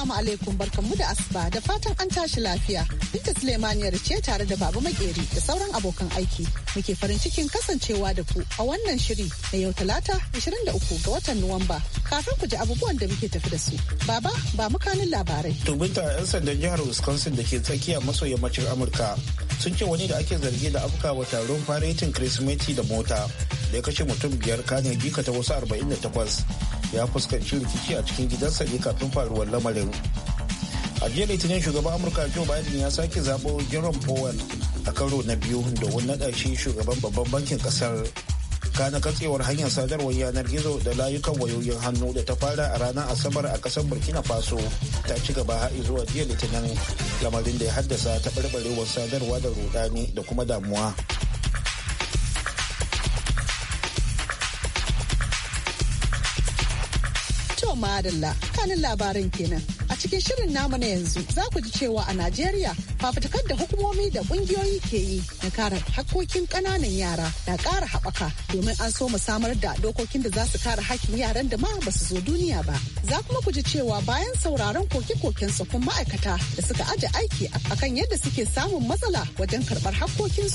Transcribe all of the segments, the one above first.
Assalamu alaikum barkanmu da asuba da fatan an tashi lafiya. Binta Sulemaniyar ce tare da Baba Makeri da sauran abokan aiki. Muke farin cikin kasancewa da ku a wannan shiri na yau Talata 23 ga watan Nuwamba. Kafin ku ji abubuwan da muke tafi da su. Baba ba mukanin labarai. To Binta 'yan sandan jihar Wisconsin da ke tsakiya maso yammacin Amurka sun ce wani da ake zargi da afka wa taron faretin Kirsimeti da mota da ya kashe mutum biyar kanin jikata wasu 48 ya fuskanci rikici a cikin gidansa ne kafin faruwar lamarin a jiya litinin shugaban amurka joe biden ya sake zaɓo jerome powell a karo na biyu da wani naɗa shugaban babban bankin ƙasar kana katsewar hanyar sadarwar yanar gizo da layukan wayoyin hannu da ta fara a ranar asabar a ƙasar burkina faso ta ci gaba har zuwa jiya litinin lamarin da ya haddasa taɓarɓarewar sadarwa da rudani da kuma damuwa madalla kanin labarin kenan. A cikin shirin namu na yanzu za ku ji cewa a Najeriya fafutukar da hukumomi da kungiyoyi ke yi na kare hakkokin kananan yara na kara haɓaka domin an so mu samar da dokokin da za su kare hakkin yaran da ma ba su zo duniya ba za kuma ku ji cewa bayan sauraron koke-koken kun ma'aikata da suka aje aiki akan yadda suke samun matsala wajen karɓar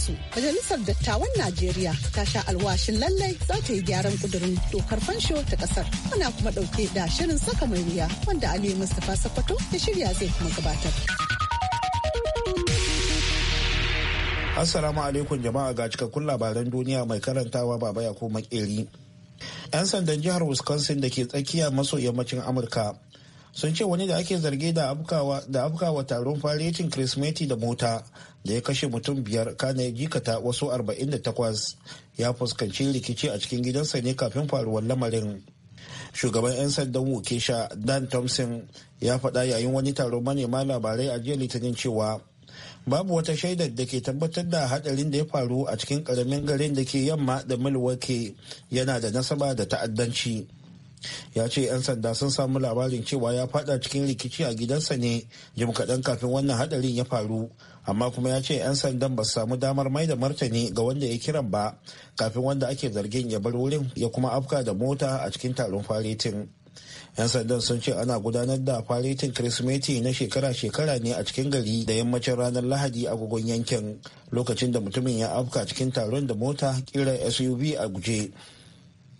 su majalisar dattawan najeriya ta sha alwashin lallai za ta yi gyaran kudurin dokar fansho ta ƙasar ana kuma ɗauke da shirin saka mai wuya wanda aliyu mustapha sakwato ya shirya zai kuma gabatar. Assalamu alaikum jama'a ga cikakkun labaran duniya mai karantawa baba ya ko makeri. 'Yan sandan jihar Wisconsin da ke tsakiya maso yammacin Amurka sun ce wani da ake zarge da afkawa da afkawa taron faretin Kirsimeti da mota da ya kashe mutum biyar kana ya jikata wasu 48 ya fuskanci rikici a cikin gidansa ne kafin faruwar lamarin. Shugaban 'yan sandan wokesha Dan Thompson ya faɗa yayin wani taron manema labarai a jiya Litinin cewa babu wata shaidar da ke tabbatar da hadarin da ya faru a cikin karamin garin da ke yamma da milwaukee yana da nasaba da ta'addanci ya ce 'yan sanda sun samu labarin cewa ya fada cikin rikici a gidansa ne jim kaɗan kafin wannan hadarin ya faru amma kuma ya ce 'yan sandan ba su samu damar mai da martani ga wanda ya kiran ba kafin wanda ake zargin ya bar wurin ya kuma afka da mota a cikin taron faretin. 'yan sandan sun ce ana gudanar da faretin kirsimeti na shekara-shekara ne a cikin gari da yammacin ranar lahadi a gugun yankin lokacin da mutumin ya afka cikin taron da mota kira suv a guje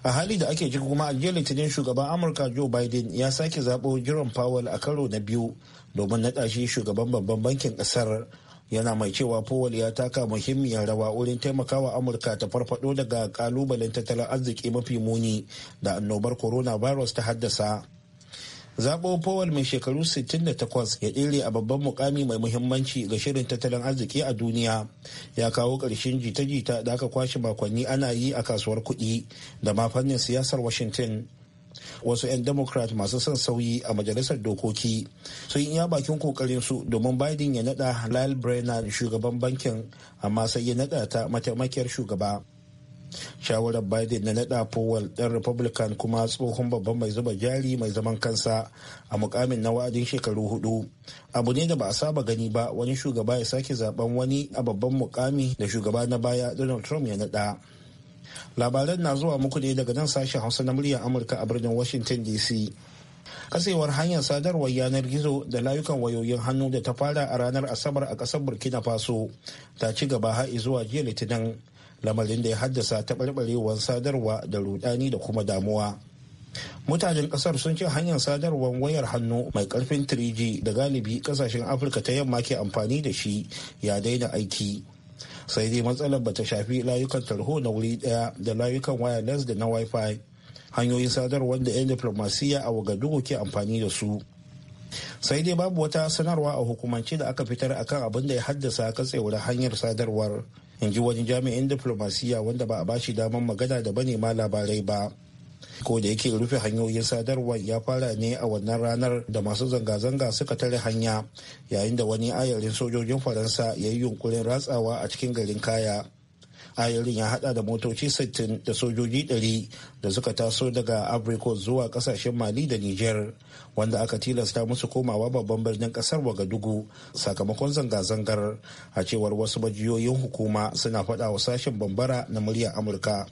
a hali da ake ciki kuma a litinin shugaban amurka joe biden ya sake zaɓo jiran powell a karo na biyu domin na shi shugaban babban bankin ƙasar yana mai cewa powell ya taka muhimmiyar rawa wurin taimakawa amurka ta farfado daga kalubalen tattalin arziki mafi muni da annobar coronavirus ta haddasa zaɓo powell mai shekaru 68 ya ɗere a babban mukami mai muhimmanci ga shirin tattalin arziki a duniya ya kawo ƙarshen jita-jita da aka kwashe makonni ana yi a kasuwar kuɗi da ma fannin siyasar washington wasu 'yan democrat masu son sauyi a majalisar dokoki sun iya bakin kokarin su domin biden ya nada lyle brennan shugaban bankin amma sai ya nada ta mataimakiyar shugaba shawarar biden na nada powell dan republican kuma tsohon babban mai zuba jari mai zaman kansa a mukamin na wa'adin shekaru hudu abu ne da ba a saba gani ba wani shugaba ya sake zaben wani a babban mukami da shugaba na baya donald trump ya nada labaran na zuwa muku ne daga nan sashen hausa na muryar amurka a birnin washington dc kasewar hanyar sadarwar yanar gizo da layukan wayoyin hannu da ta fara a ranar asabar a kasar burkina faso ta ci gaba har zuwa jiya litinin lamarin da ya haddasa taɓarɓarewar sadarwa da rudani da kuma damuwa mutanen kasar sun ce hanyar sadarwar wayar hannu mai karfin 3g da galibi kasashen afirka ta yamma ke amfani da shi ya daina aiki sai dai matsalar bata shafi layukan tarho na wuri daya da layukan wireless da na wifi hanyoyin sadarwar da 'yan diplomasiya a wagadugu ke amfani da su sai dai babu wata sanarwa a hukumance da aka fitar akan abin da ya haddasa katsewar hanyar sadarwar in ji wani jami'in diflomasiyya wanda ba a bashi damar magana da banema labarai ba ko da yake rufe hanyoyin sadarwar ya fara ne a wannan ranar da masu zanga-zanga suka tare hanya yayin da wani ayarin sojojin faransa ya yi yunkurin ratsawa a cikin garin kaya ayarin ya hada da motoci 60 da sojoji 100 da suka taso daga africa zuwa kasashen mali da niger wanda aka tilasta musu komawa babban birnin kasar wagadugu sakamakon zanga-zangar a cewar wasu majiyoyin hukuma suna faɗa wa sashen bambara na muryar amurka.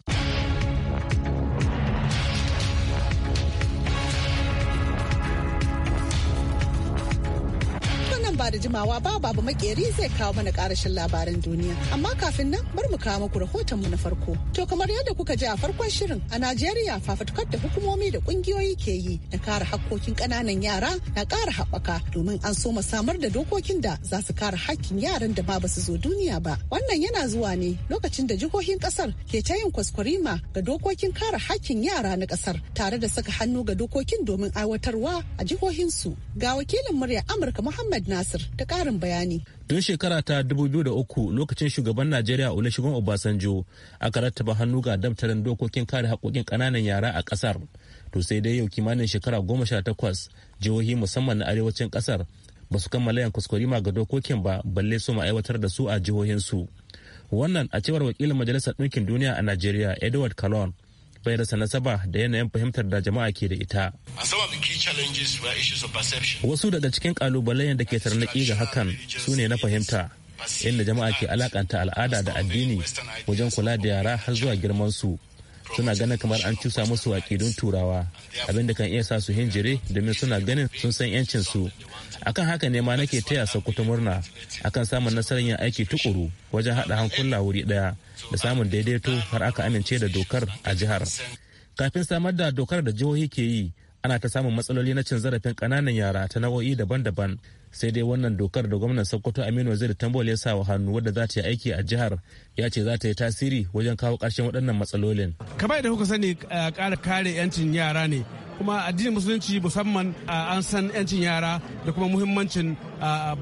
da jimawa ba babu makeri zai kawo mana karashin labaran duniya. Amma kafin nan bar mu kawo muku rahoton mu na farko. To kamar yadda kuka ji a farkon shirin a Najeriya fafatukar da hukumomi da kungiyoyi ke yi na kare hakkokin ƙananan yara na ƙara haɓaka domin an so samar da dokokin da za su kare hakkin yaran da ba su zo duniya ba. Wannan yana zuwa ne lokacin da jihohin ƙasar ke ta yin kwaskwarima ga dokokin kare hakkin yara na ƙasar tare da saka hannu ga dokokin domin aiwatarwa a jihohinsu. Ga wakilin murya Amurka Muhammad Nasir da karin bayani. Tun shekara ta 2003 lokacin shugaban Najeriya Olusegun Obasanjo aka rattaba hannu ga daftarin dokokin kare haƙoƙin ƙananan yara a ƙasar. To sai dai yau kimanin shekara goma sha takwas jihohi musamman na arewacin ƙasar ba su kammala yan kuskure ma ga dokokin ba balle su aiwatar da su a jihohinsu. Wannan a cewar wakilin Majalisar Ɗinkin Duniya a Najeriya Edward Calon bai rasa nasaba da yanayin fahimtar da jama'a ke da ita. Wasu daga cikin kalubalen da ke tarnaki ga hakan su ne na fahimta. inda jama'a ke alakanta al'ada da addini wajen kula da yara har zuwa girmansu. suna ganin kamar an cusa musu aƙidun turawa abinda kan iya sa su hinjire domin suna ganin sun san yancin su akan haka ne ma nake taya sokoto murna akan samun nasarar yin aiki tukuru wajen haɗa hankula wuri ɗaya da samun daidaito har aka amince da dokar a jihar kafin samar da dokar da jihohi ke yi ana ta samun matsaloli na cin zarafin ƙananan yara ta nau'o'i daban-daban sai dai wannan dokar da gwamnan sokoto aminu wazir tambol ya sa wa hannu wadda za ta yi aiki a jihar ya ce za ta yi tasiri wajen kawo ƙarshen waɗannan matsalolin kamar da kuka sani ƙara kare 'yancin yara ne kuma addinin musulunci musamman an san 'yancin yara da kuma muhimmancin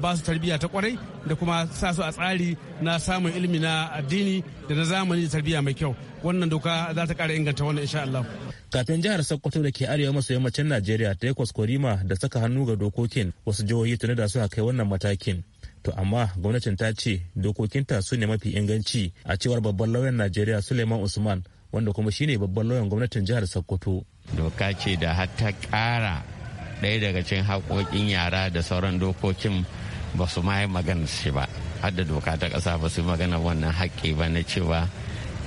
ba su tarbiyya ta kwarai da kuma sa su a tsari na samun ilimi na addini da na zamani da tarbiyya mai kyau wannan doka za ta kara inganta wannan insha Allah. Kafin jihar Sokoto da ke arewa maso yammacin Najeriya ta yi kwaskwarima da saka hannu ga dokokin wasu jihohi tuni da suka kai wannan matakin. To amma gwamnatin ta ce dokokinta su ne mafi inganci a cewar babban lauyan Najeriya Suleiman Usman wanda kuma shine babban lauyan gwamnatin jihar Sokoto. doka ce da hatta ta ƙara ɗaya daga cikin haƙoƙin yara da sauran dokokin ba su ma yi magana shi ba Hadda doka ta ƙasa ba su magana wannan haƙƙi ba na cewa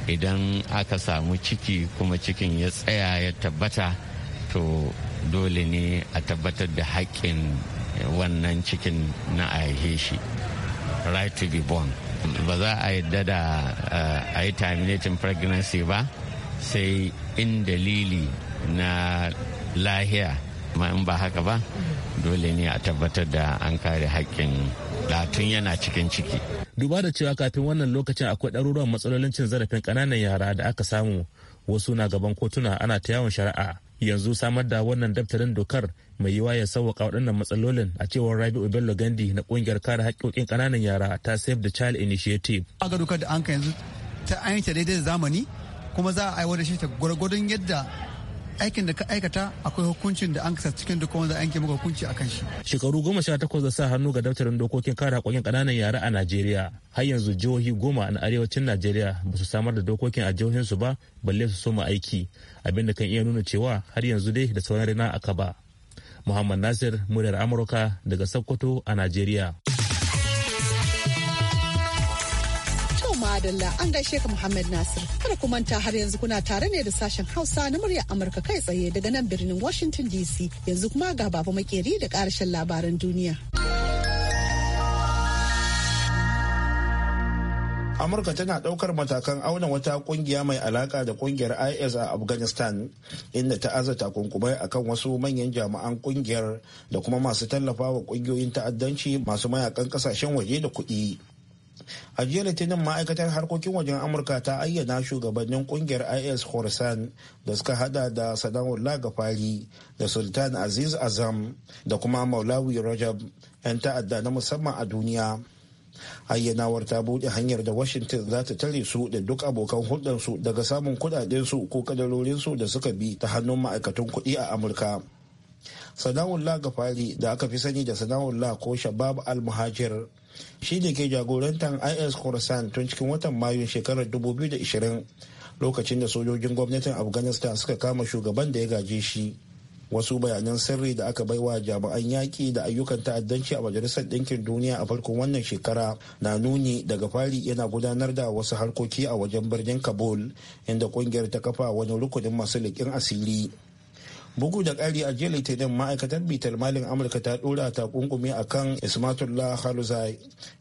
idan aka samu ciki kuma cikin ya tsaya ya tabbata to dole ne a tabbatar da haƙƙin wannan cikin na a shi right to be born ba za a yadda da eh, a yi terminating pregnancy ba sai in dalili na lahiya ma in ba haka ba dole ne a tabbatar da an kare haƙƙin latun. yana cikin ciki. Duba da cewa kafin wannan lokacin akwai ɗaruruwan matsalolin cin zarafin ƙananan yara da aka samu wasu na gaban kotuna ana ta yawon shari'a yanzu samar da wannan daftarin dokar mai yiwa ya sauwaka waɗannan matsalolin a cewar rabi bello gandi na ƙungiyar kare haƙƙoƙin ƙananan yara ta save the child initiative ga dokar da an ka yanzu ta an ta daidai da zamani kuma za a aiwatar shi ta gwargwadon yadda aikin da ka aikata akwai hukuncin da an kasa cikin duk wanda an ke maka hukunci a kan shi shekaru goma sha takwas da sa hannu ga daftarin dokokin kare hakokin kananan yara a najeriya har yanzu jihohi goma na arewacin najeriya ba su samar da dokokin a jihohinsu ba balle su soma aiki abinda kan iya nuna cewa har yanzu dai da sauran rina aka ba muhammad nasir muryar amurka daga sokoto a najeriya Adalla an gaishe ka Muhammad Nasir. Kada ku manta har yanzu kuna tare ne da sashen Hausa na murya Amurka kai tsaye daga nan birnin Washington DC. Yanzu kuma ga baba makeri da karshen labaran duniya. amurka tana ɗaukar matakan auna wata kungiya mai alaƙa da kungiyar is a afghanistan inda ta aza takunkumai akan wasu manyan jami'an kungiyar da kuma masu tallafawa wa ƙungiyoyin ta'addanci masu mayakan kasashen waje da kuɗi a jiya litinin ma'aikatar harkokin wajen amurka ta ayyana shugabannin kungiyar is khorasan da suka hada da sana'ullah gafari da sultan aziz azam da kuma maulawi rajab 'yan ta'adda na musamman a duniya ayyanawar ta buɗe hanyar da washington za ta tare su da duk abokan hulɗarsu daga samun kuɗaɗensu ko kadarorinsu da suka bi ta hannun ma'aikatun kuɗi a amurka sana'ullah gafari da aka fi sani da sana'ullah ko shabab al-muhajir shi ne ke jagorantar is khorasan tun cikin watan mayu shekarar 2020 lokacin da sojojin gwamnatin afghanistan suka kama shugaban da ya gaje shi wasu bayanan sirri da aka baiwa jami'an yaƙi da ayyukan ta'addanci a majalisar ɗinkin duniya a farkon wannan shekara na nuni daga fari yana gudanar da wasu harkoki a wajen birnin kabul inda ƙungiyar ta kafa wani rukunin masu liƙin asiri bugu da ƙari a jiya litinin ma'aikatar bitar malin amurka ta ɗora ta kunkumi a kan ismatullah haluzai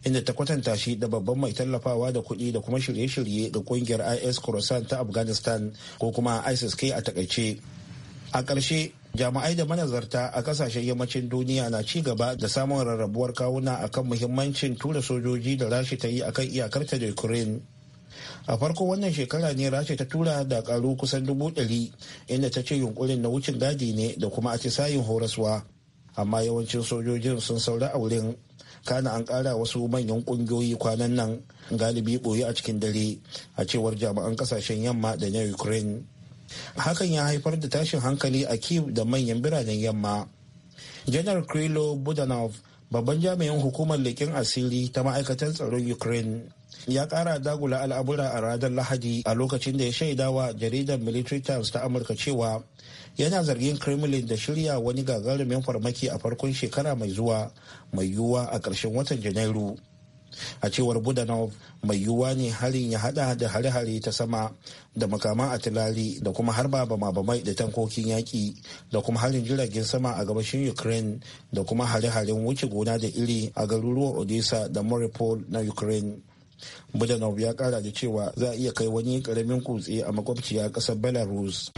inda ta kwatanta shi da babban mai tallafawa da kuɗi da kuma shirye-shirye ga ƙungiyar is croissant ta afghanistan ko kuma isis k a takaice a ƙarshe jami'ai da manazarta a ƙasashen yammacin duniya na ci gaba da samun rarrabuwar kawuna akan muhimmancin tura sojoji da rashi ta yi akan iyakarta da ukraine a farko wannan shekara ne rasha ta tura da karu kusan dubu ɗari inda ta ce yunkurin na wucin gadi ne da kuma atisayin horaswa amma yawancin sojojin sun saura a wurin kana an kara wasu manyan kungiyoyi kwanan nan galibi boye a cikin dare a cewar jami'an kasashen yamma da na ukraine hakan ya haifar da tashin hankali a kiev da manyan biranen yamma janar krilo budanov babban jami'in hukumar leƙen asiri ta ma'aikatar tsaron ukraine ya kara dagula al'abura a ranar lahadi a lokacin da ya shaida wa jaridar military times ta amurka cewa yana zargin kremlin da shirya wani gagarumin farmaki a farkon shekara mai zuwa mai yiwuwa a ƙarshen watan janairu a cewar budanov mai yiwuwa ne harin ya hada da hare-hare ta sama da makaman a atilali da kuma harba bama-bamai da tankokin yaƙi da kuma harin jiragen sama a gabashin ukraine da kuma hare-haren wuce gona da iri a garuruwan odessa da mariupol na ukraine budanov ya kara da cewa za a iya kai wani karamin kutse a makwabciya kasar belarus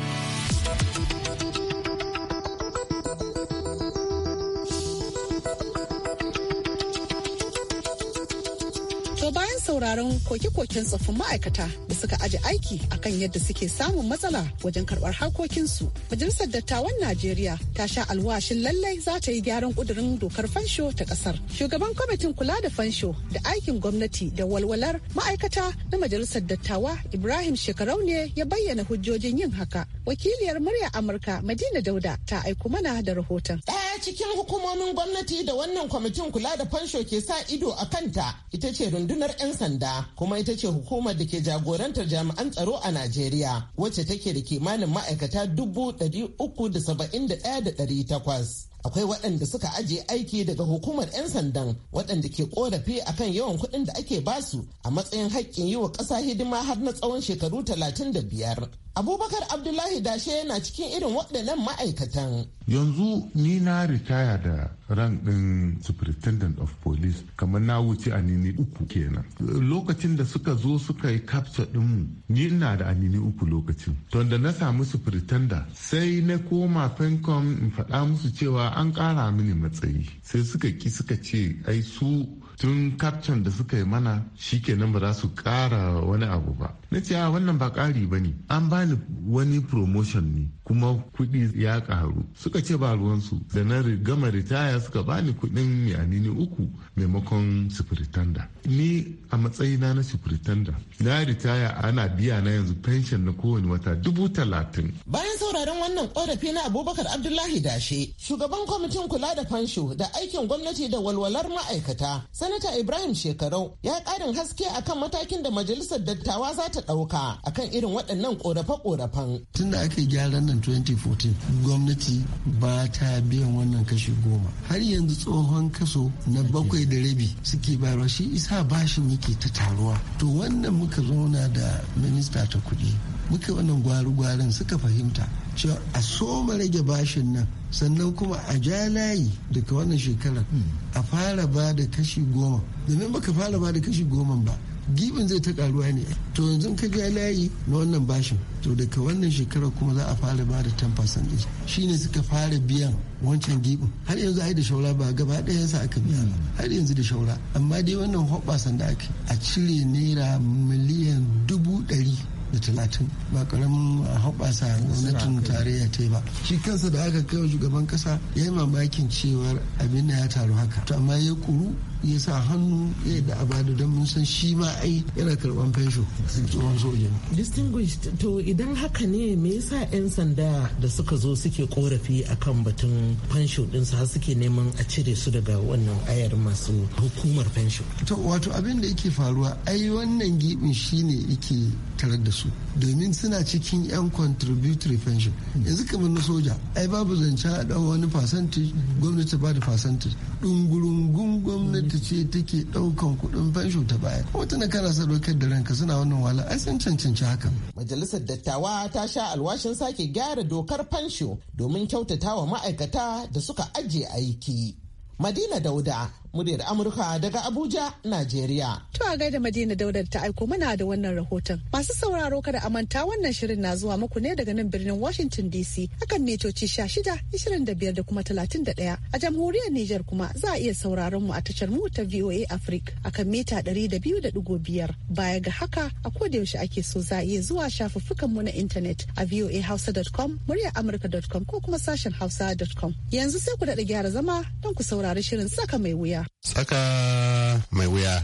sauraron koke-koken tsoffin ma'aikata da suka aji aiki a kan yadda suke samun matsala wajen karɓar harkokinsu. Majalisar Dattawan Najeriya ta sha alwashin lallai za ta yi gyaran ƙudurin dokar fansho ta ƙasar. Shugaban kwamitin kula da fansho da aikin gwamnati da walwalar ma'aikata na Majalisar Dattawa Ibrahim Shekarau ne ya bayyana hujjojin yin haka. Wakiliyar murya Amurka Madina Dauda ta aiko mana da rahoton. A cikin hukumomin gwamnati da wannan kwamitin kula da fansho ke sa ido a kanta ita ce rundunar 'yan sanda kuma ita ce hukumar da ke jagorantar jami'an tsaro a Najeriya wacce take da kimanin ma'aikata dubu ɗari uku da takwas. akwai waɗanda suka ajiye aiki daga hukumar 'yan sandan waɗanda ke korafi akan yawan kuɗin da ake basu a matsayin haƙƙin yi wa ƙasa hidima har na tsawon shekaru 35 abubakar abdullahi dashe yana cikin irin waɗannan ma'aikatan yanzu ni na ritaya da ran ɗin superintendent of police kamar na wuce anini uku kenan lokacin da suka zo suka yi capture mu, ni ina da anini uku lokacin to da na samu superintendent sai na koma FENCOM in faɗa musu cewa an ƙara mini matsayi sai suka ki suka ce ai su tun kaftan da suka yi mana kenan ba za su ƙara wani abu ba na ce a wannan ba ƙari ba ne an bani wani promotion ne kuma kuɗi ya ƙaru suka ce ba ruwansu da na gama ritaya suka bani kuɗin ne uku maimakon superintendent ni a matsayina na superintendent na ritaya ana biya na yanzu pension na kowane wata dubu talatin bayan sauraron wannan korafi na abubakar abdullahi dashe shugaban kwamitin kula da fansho da aikin gwamnati da walwalar ma'aikata sanata ibrahim shekarau ya ƙarin haske akan matakin da majalisar dattawa za ta ɗauka akan irin waɗannan ƙorafe-ƙorafen. Tun da aka yi nan 2014 gwamnati ba ta biyan wannan kashi goma. Har yanzu tsohon kaso na bakwai da rabi suke bayarwa shi isa bashin yake ta taruwa. To wannan muka zauna da minista ta kuɗi. Muka wannan gwaru-gwarin suka fahimta cewa a soma rage bashin nan sannan kuma a ja layi daga wannan shekarar hmm. a fara ba da kashi goma. Domin baka fara ba da kashi goma ba gibin zai ta karuwa ne to yanzu ka ga layi na wannan bashin to daga wannan shekarar kuma za a fara ba da 10% ne suka fara biyan wancan gibin har yanzu ai da shaura ba gaba ɗayansa aka biya ba har yanzu da shaura amma dai wannan hoɓɓasan da aka a cire naira miliyan dubu ɗari da talatin ba karamin hoɓasa gwamnatin tarayya ta yi ba shi kansa da aka kai wa shugaban kasa ya yi mamakin cewar abin ya taru haka to amma ya kuru ya sa hannu ya da abada don mun san shi ma ai yana karban fensho tsohon soja distinguished to idan haka ne me yasa 'yan sanda da suka zo suke korafi akan batun fensho din har suke neman a cire su daga wannan ayar masu hukumar fensho to wato abin da yake faruwa ai wannan gibin shine yake tarar da su domin suna cikin 'yan contributory pension yanzu kamar na soja ai babu zance a wani percentage gwamnati ba da percentage dungurungun gwamnati gwamnati ce take ɗaukan kuɗin fensho ta baya ko tana kana sadaukar da ranka suna wannan wala ai sun cancanci hakan. majalisar dattawa ta sha alwashin sake gyara dokar fansho domin kyautata wa ma'aikata da suka ajiye aiki. madina dauda muryar Amurka daga Abuja, Najeriya. To a gaida Madina dauda ta aiko mana da wannan rahoton. Masu sauraro kada a manta wannan shirin na zuwa muku ne daga nan birnin Washington DC akan metoci 16, 25 da kuma 31. A jamhuriyar niger kuma za a iya sauraron mu a tashar mu ta VOA Africa akan mita ɗari da da biyu 200.5. Baya ga haka a koda yaushe ake so za a iya zuwa shafuffukan mu na intanet a voahausa.com, muryar ko kuma sashen hausa.com. Yanzu sai ku daɗa gyara zama don ku saurari shirin saka mai wuya. saka mai wuya.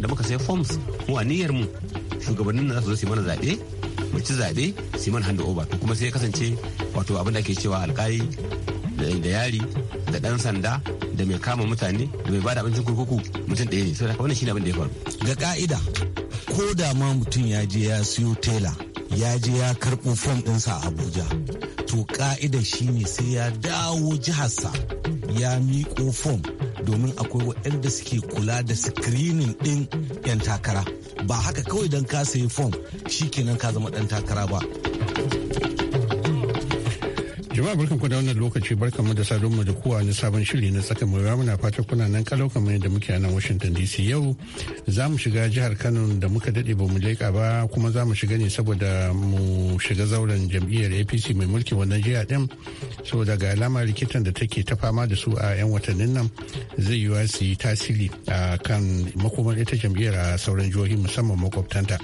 Da muka sai forms mu aniyar mu shugabannin na su zo su mana zaɓe mu ci zaɓe su mana hand over to kuma sai kasance wato abin da ake cewa alkali da yari da ɗan sanda da mai kama mutane da mai bada abincin kurkuku mutum ɗaya ne da wannan shine abin da ya faru. Ga ka'ida ko da ma mutum ya je ya siyo tela ya je ya karɓo fom ɗinsa a Abuja to ka'ida shine sai ya dawo jiharsa ya miƙo fom domin akwai waɗanda suke kula da screening ɗin 'yan takara ba haka kawai don ka sayi fom kenan ka zama ɗan takara ba. Jama'a barkan ku da wannan lokaci barkan mu da sadon mu da kowa na sabon shiri na saka mu muna fata kuna nan kalau kamar yadda muke a nan Washington DC yau za mu shiga jihar Kano da muka dade ba mu leka ba kuma za mu shiga ne saboda mu shiga zauren jam'iyyar APC mai mulki wannan jiya din saboda ga alama likitan da take ta fama da su a yan watannin nan zai yiwa su tasiri a kan makomar ita jam'iyyar a sauran jihohi musamman makwabtanta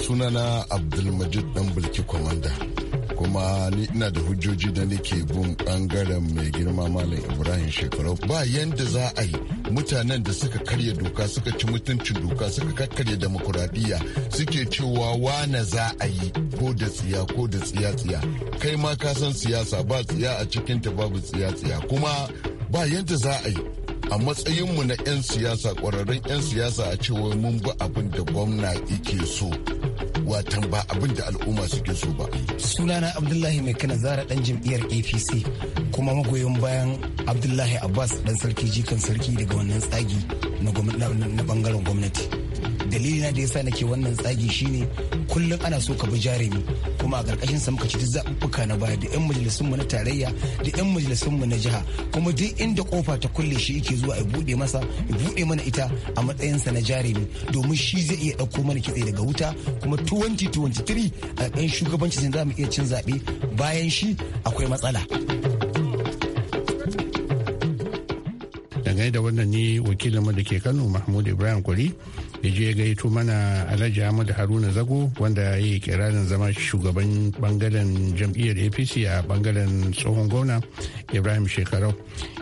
sunana Abdulmajid dan Bulki Komanda kuma ni ina da hujjoji da nake bin bangaren mai girma malam ibrahim shekarau ba yanda za a yi mutanen da suka karya doka suka ci mutuncin doka suka kakkarya demokuraɗiyya suke cewa wane za a yi ko da tsiya ko da tsiya tsiya kai ma ka san siyasa ba tsiya a cikinta babu tsiya tsiya kuma ba yadda za a yi a matsayinmu na 'yan siyasa ƙwararrun 'yan siyasa a cewa mun bi abin da gwamna yake so watan ba abin al'umma suke so ba. Sunana Abdullahi mai kana zara dan jam'iyyar APC kuma magoyin bayan Abdullahi Abbas dan sarki jikan sarki daga wannan tsagi na bangaren gwamnati. dalili na da yasa nake wannan tsagi shine kullum ana so ka bi jarumi kuma a karkashin sa muka ci duk na baya da 'yan majalisun mu na tarayya da 'yan majalisun mu na jiha kuma duk inda kofa ta kulle shi yake zuwa a buɗe masa ya buɗe mana ita a matsayin sa na jarumi domin shi zai iya ɗauko mana kitse daga wuta kuma 2023 a ɗan shugabancin za mu iya cin zaɓe bayan shi akwai matsala. dangane da wannan ne wakilin da ke kano mahmud ibrahim kwari ya je gaito mana alhaji ahmad haruna zago wanda ya yi kirarin zama shugaban bangaren jam'iyyar apc a bangaren tsohon gwamna ibrahim shekarau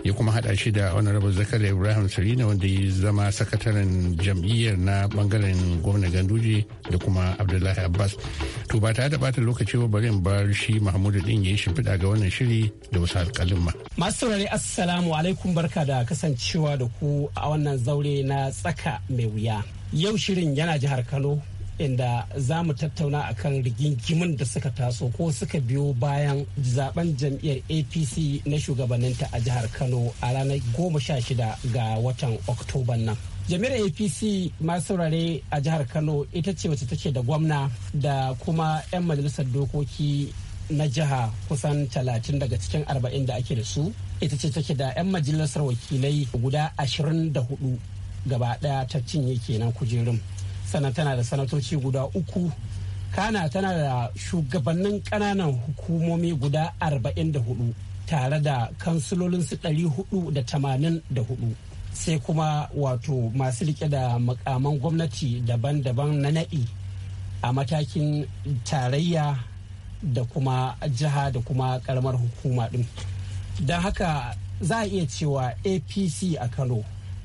ya kuma haɗa shi da honorable zakari ibrahim sarina wanda ya zama sakataren jam'iyyar na bangaren gwamna ganduje da kuma abdullahi abbas to ba ta da bata lokaci ba bari bar shi mahmudu din ya yi shimfiɗa ga wannan shiri da wasu alƙalin ma. masu saurari assalamu alaikum barka da kasancewa da ku a wannan zaure na tsaka mai wuya yau shirin yana jihar kano inda za mu tattauna a kan rigingimin da suka taso ko suka biyo bayan zaben jam'iyyar apc na shugabanninta a jihar kano a ranar goma sha shida ga watan oktoban nan jami'ar apc masu saurare a jihar kano ita ce wacce take da gwamna da kuma 'yan majalisar dokoki na jiha kusan talatin daga cikin arba'in da ake da su ita ce take da 'yan majalisar wakilai guda ashirin 24 gaba daya ta cinye kenan kujerun sannan tana da sanatoci guda uku kana tana da shugabannin ƙananan hukumomi guda arba'in tare da kansulolinsu ɗari hudu da sai kuma wato masu rike da makaman gwamnati daban-daban na na'i a matakin tarayya da kuma jiha da kuma karamar hukuma ɗin don haka za a iya cewa apc a kano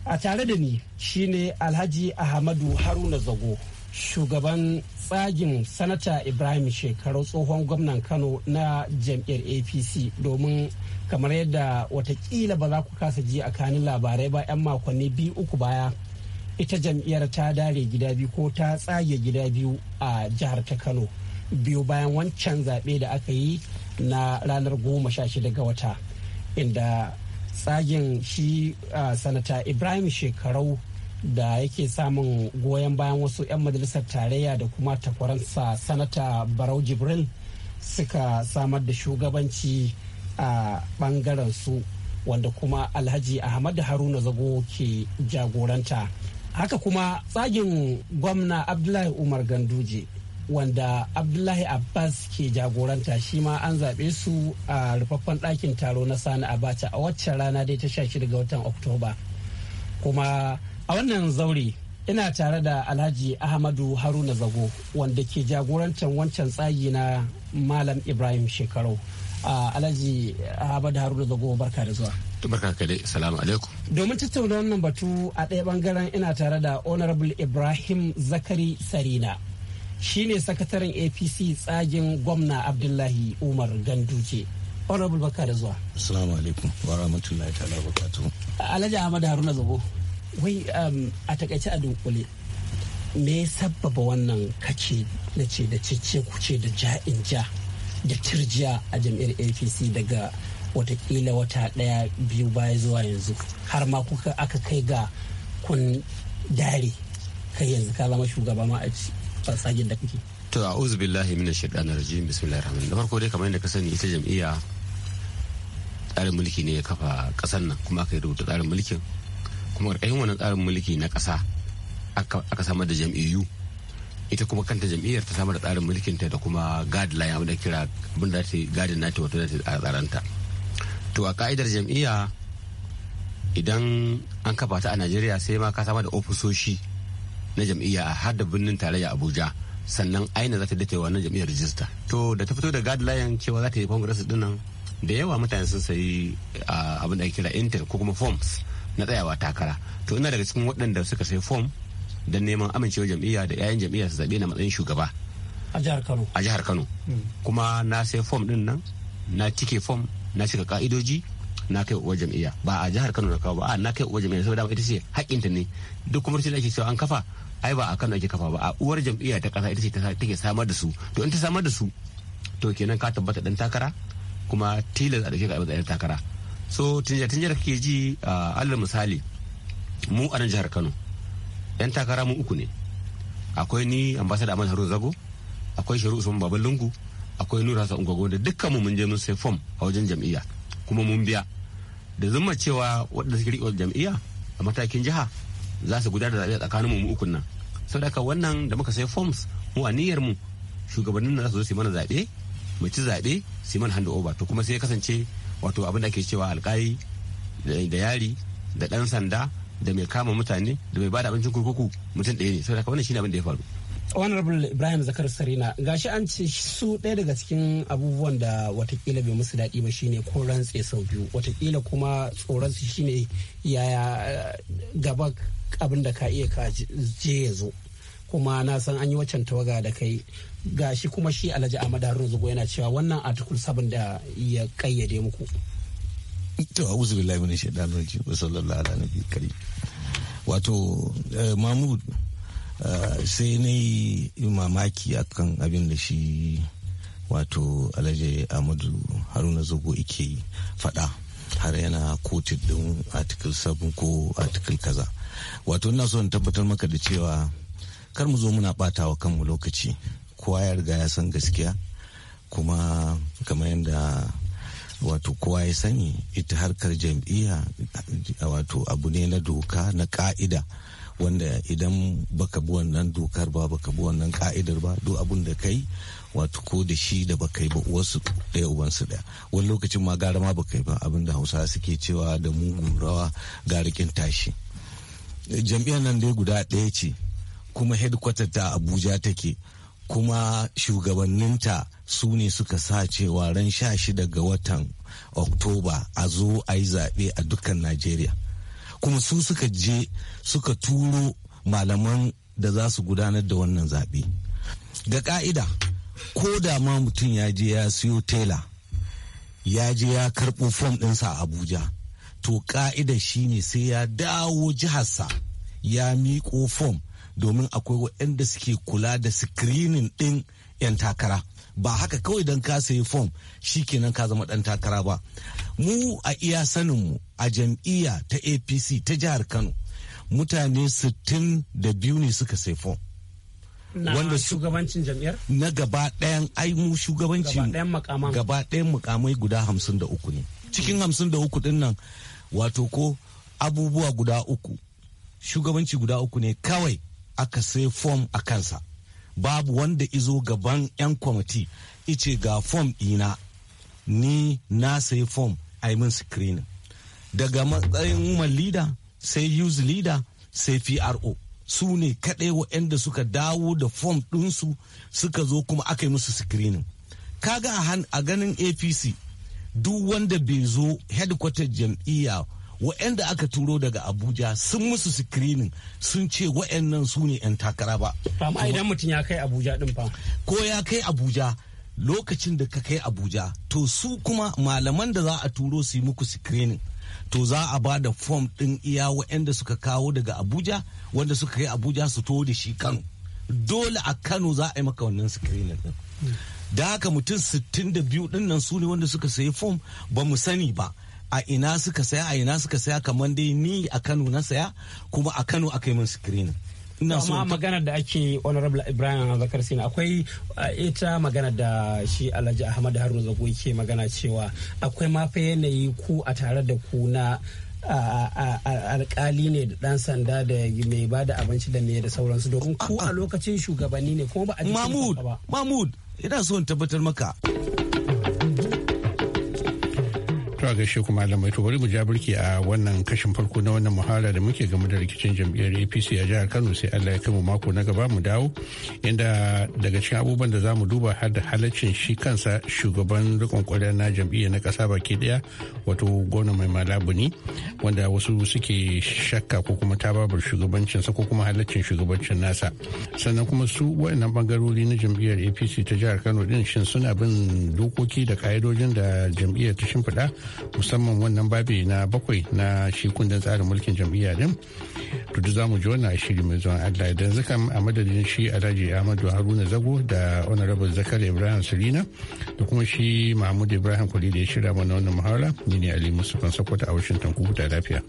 a tare da ni shine alhaji ahmadu haruna zago shugaban tsagin sanata ibrahim shekaru tsohon gwamnan kano na jam'iyyar apc domin kamar yadda watakila ba za ku kasa ji a kanin labarai ba 'yan makonni biyu uku baya ita jam'iyyar ta dare gida biyu ko ta tsage gida biyu a jihar ta kano biyu bayan wancan zaɓe da aka yi na ranar goma sha shida ga wata inda tsagen shi a sanata ibrahim shekarau da yake samun goyon bayan wasu 'yan majalisar tarayya da kuma takwaransa sanata barau jibril suka samar da shugabanci a bangaren su wanda kuma alhaji ahmad haruna zago ke jagoranta haka kuma tsagin gwamna abdullahi umar ganduje wanda abdullahi abbas ke jagoranta shi ma an zaɓe su a rufaffen ɗakin taro na sani abacha a waccan rana dai ta sha shi daga watan oktoba kuma a wannan zaure ina tare da alhaji ahmadu haruna zago wanda ke jagorantar wancan tsagi na malam ibrahim shekarau alhaji ahmadu haruna zago barka da zuwa barka kade salamu alaikum domin tattauna wannan batu a ɗaya bangaren ina tare da honorable ibrahim zakari sarina Shi ne sakataren apc tsagin gwamna abdullahi umar ganduje honorable baka da zuwa assalamu alaikum wa rahmatullahi ta'ala bakatu alhaji ahmad haruna zabo wai um, a takaice a dunkule me sabbaba wannan kace na ce da cece kuce da ja'in ja da tirjiya a jam'iyyar apc daga watakila wata daya biyu baya zuwa yanzu har ma kuka aka kai ga kun dare kai yanzu ka zama shugaba ma a tsagen da kake to a uzu billahi minash shaitanir rajim bismillahir rahman. Da farko dai kamar yadda ka sani ita jam'iyya tsarin mulki ne ya kafa ƙasar nan kuma aka yi rubuta tsarin mulkin kuma ƙarƙashin wannan tsarin mulki na ƙasa aka samar da jam'iyyu ita kuma kanta jam'iyyar ta samar da tsarin mulkin ta da kuma guideline abin da kira abin da ta gadin nata wato da ta tsaranta to a ka'idar jam'iyya idan an kafa ta a najeriya sai ma ka samar da ofisoshi na jam'iyya har da birnin tarayya abuja sannan aina za ta dace wannan jam'iyyar rijista to da ta fito da guideline cewa za ta yi congress din nan da yawa mutane sun sayi abin da ake kira intel ko kuma forms na tsayawa takara to ina daga cikin waɗanda suka sayi form don neman amincewa jam'iyya da 'ya'yan jam'iyya su zaɓe na matsayin shugaba a jihar kano a jihar kano hmm. kuma na sai form din nan na cike form na cika ka'idoji na kai uwar jam'iyya ba a jihar kano na kawo ba a na kai uwar jam'iyya saboda ita ce haƙƙinta ne duk kuma da ake cewa an kafa ai ba a kano ake kafa ba a uwar jam'iyya ta kasa ita ce take samar da su to in ta samar da su to kenan ka tabbata dan takara kuma tilas a dauke ka matsayin takara so tinja tinja da kake ji a alal misali mu a jihar Kano yan takara mu uku ne akwai ni ambassador Ahmad Haruna Zago akwai Shiru Usman Baban Lungu akwai Nura Sa Ungwago da dukkan mu mun je mun sai fom a wajen jam'iyya kuma mun biya da zumma cewa waɗanda suke riƙe jam'iyya a matakin jiha za su gudanar da zaɓe tsakanin mu ukun nan saboda haka wannan da muka sai forms mu a niyyar mu shugabannin nan za su zo su mana zaɓe mu ci zaɓe su mana hand over to kuma sai ya kasance wato abin da ake cewa alƙali da yari da ɗan sanda da mai kama mutane da mai bada abincin kurkuku mutum ɗaya ne saboda haka wannan shine abin da ya faru honorable ibrahim zakar sarina gashi an ce su ɗaya daga cikin abubuwan da watakila bai musu daɗi ba shine ko rantse sau biyu watakila kuma tsoron su shine yaya eh, gaba abin da ka iya ka je ya zo kuma na san an yi waccan tawaga da kai gashi kuma shi alhaji ahmad haruna zubo yana cewa wannan article sabon da ya kayyade muku to a'udhu billahi minash shaitanir rajim wa sallallahu ala nabiyil karim wato eh, mahmud eh, sai na yi mamaki akan abin da shi wato alhaji ahmadu haruna zogo ike faɗa har yana kotu din article sabon ko article kaza wato ina so in tabbatar maka da cewa kar mu zo muna bata wa kanmu lokaci kowa ya riga ya san gaskiya kuma kamar yadda wato kowa ya sani ita harkar jam'iyya wato abu ne na doka na ka'ida wanda idan baka bi wannan dokar ba baka bi wannan ka'idar ba duk abun da kai wato ko da shi da baka yi ba wasu ɗaya ubansu ɗaya wani lokacin ma gara ma baka yi ba abin da hausa suke cewa da mugu rawa garikin tashi jam'iyyar nan dai guda ɗaya ce kuma headquarter ta abuja take kuma shugabanninta su ne suka sa cewa ran sha shida ga watan oktoba a zo a yi zaɓe a dukkan najeriya kuma su suka je suka turo malaman da za su gudanar da wannan zaɓe ga ƙa'ida ko da ma mutum ya je ya siyo tela ya je ya karɓo fom ɗinsa a abuja to ƙa'ida ne sai ya dawo jiharsa ya miƙo fom domin akwai waɗanda suke kula da sikirinin ɗin 'yan takara ba haka kawai don ka sayi fom shikenan ka zama dan takara ba mu a iya saninmu a jam'iyya ta apc ta jihar kano mutane 62 ne suka sayi fom na wanda shugabancin jam'iyyar na gaba ɗayan ai mu shugabancin gaba ɗayan mukamai guda hamsin da uku ne cikin hmm. hamsin da uku din nan wato ko abubuwa guda uku shugabanci guda uku ne kawai aka sai fom a kansa babu wanda izo gaban 'yan kwamiti ice ga fom ɗina ni na sayi fom a yi min screening daga matsayin woman leader sai youth leader sai pro su ne kaɗai waɗanda suka dawo da fom ɗinsu suka zo kuma aka yi musu screening kaga a ganin apc duk wanda bai zo headquarter jam'iyya wa'anda aka turo daga abuja sun musu screening sun ce wa'annan su ne 'yan takara ba amma idan mutum ya kai abuja din fa ko ya kai abuja lokacin da ka kai abuja to su kuma malaman da za a turo su yi muku screening to za a ba da form ɗin iya wa'anda suka kawo daga abuja wanda suka kai abuja su to da shi kano dole a kano za a yi maka wannan screening din hmm. da haka mutum 62 din nan su ne wanda suka sayi form ba mu sani ba a ina suka saya a ina suka saya kamar dai ni a Kano na saya kuma a Kano aka yi min screening ina so amma maganar da ake honorable ibrahim abubakar sina akwai eh, ita magana da shi alhaji ahmad haruna zago yake magana cewa akwai mafa yanayi ku a tare da ku na alkali ne da dan sanda da mai ba da abinci da mai da sauransu domin ku a lokacin shugabanni ne kuma ba a mahmud mahmud ina so in tabbatar maka a gaishe kuma malamai to bari mu ja burki a wannan kashin farko na wannan muhara da muke game da rikicin jam'iyyar APC a jihar Kano sai Allah ya mu mako na gaba mu dawo inda daga cikin abubuwan da za mu duba har da halaccin shi kansa shugaban rikon kwarya na jam'iyya na kasa baki daya wato gona mai malabuni wanda wasu suke shakka ko kuma tababar shugabancinsa ko kuma halaccin shugabancin nasa sannan kuma su wayannan bangarori na jam'iyyar APC ta jihar Kano din shin suna bin dokoki da ka'idojin da jam'iyyar ta shimfiɗa musamman wannan babi na bakwai na shi kundin tsarin mulkin jam'iyya din to za mu ji wannan shiri mai zuwan Allah idan zaka a madadin shi Alhaji Ahmadu Haruna Zago da Honorable Zakari Ibrahim Sulina da kuma shi Mahmud Ibrahim Kuli da ya shirya mana wannan muhawara ni ne Ali Musa Sokoto a Washington ku huta lafiya.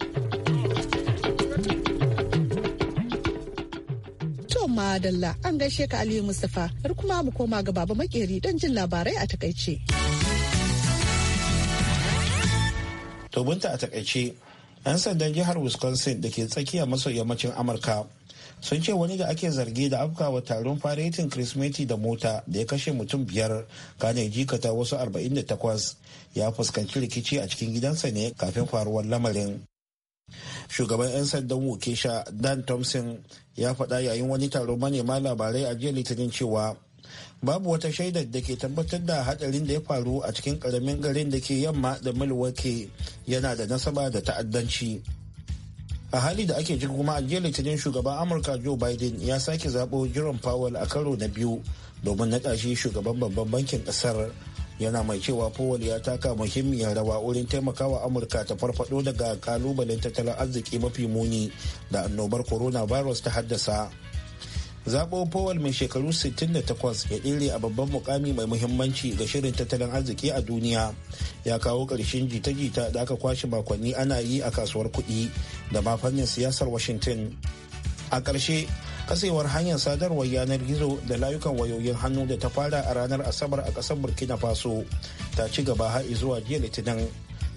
Madalla an gaishe ka Aliyu Mustapha har kuma mu koma ga Baba Makeri don jin labarai a takaice. to binta a takaice 'yan sandan jihar wisconsin da ke tsakiya maso yammacin amurka sun ce wani da ake zargi da afkawa taron faretin kirismeti da mota da ya kashe mutum biyar kane jikata wasu 48 ya fuskanci rikici a cikin gidansa ne kafin faruwar lamarin shugaban 'yan sandan wokesha dan thompson ya faɗa yayin wani taron manema labarai a jiya litinin cewa babu wata shaidar da ke tabbatar da hadarin da ya faru a cikin karamin garin da ke yamma da milwaukee yana da nasaba da ta'addanci a hali da ake jin kuma jiya litinin shugaban amurka joe biden ya sake zaɓo jiran powell a karo na biyu domin na kashi shugaban babban bankin ƙasar yana mai cewa powell ya taka muhimmiyar rawa wurin taimakawa amurka ta farfado daga kalubalen tattalin arziki mafi muni da annobar coronavirus ta haddasa zaɓo powell mai shekaru 68 ya ɗere a babban mukami mai muhimmanci ga shirin tattalin arziki a duniya ya kawo ƙarshen jita-jita da aka kwashe makonni ana yi a kasuwar kuɗi da ma fannin siyasar washington a ƙarshe kasewar hanyar sadarwar yanar gizo da layukan wayoyin hannu da ta fara a ranar asabar a ƙasar burkina faso ta ci gaba har zuwa jiya litinin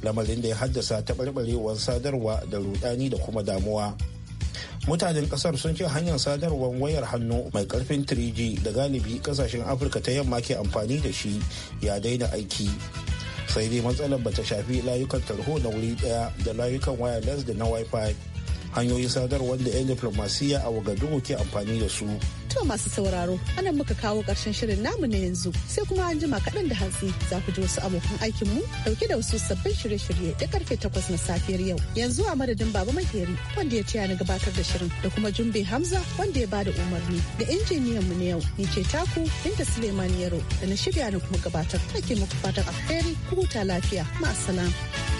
lamarin da ya haddasa taɓarɓarewar sadarwa da rudani da kuma damuwa. mutanen kasar sun ce hanyar sadarwar wayar hannu mai karfin 3g da galibi kasashen afirka ta yamma ke amfani da shi ya daina aiki sai dai matsalar bata shafi layukan tarho na wuri daya da layukan wireless da na wifi hanyoyin sadarwar da 'yan diplomasiya a wagadugu ke amfani da su To masu sauraro, anan muka kawo ƙarshen shirin namu na yanzu sai kuma an jima kaɗan da hantsi za ku ji wasu abokan aikinmu dauke da wasu sabbin shirye-shirye da karfe takwas na safiyar yau. Yanzu a madadin Baba Makeri wanda ya ce na gabatar da shirin da kuma Jumbe Hamza wanda ya bada umarni da injiniyan mu na yau ni ce taku Binta Suleiman Yaro da na shirya na kuma gabatar take muku fatan alheri ku huta lafiya ma'asalam.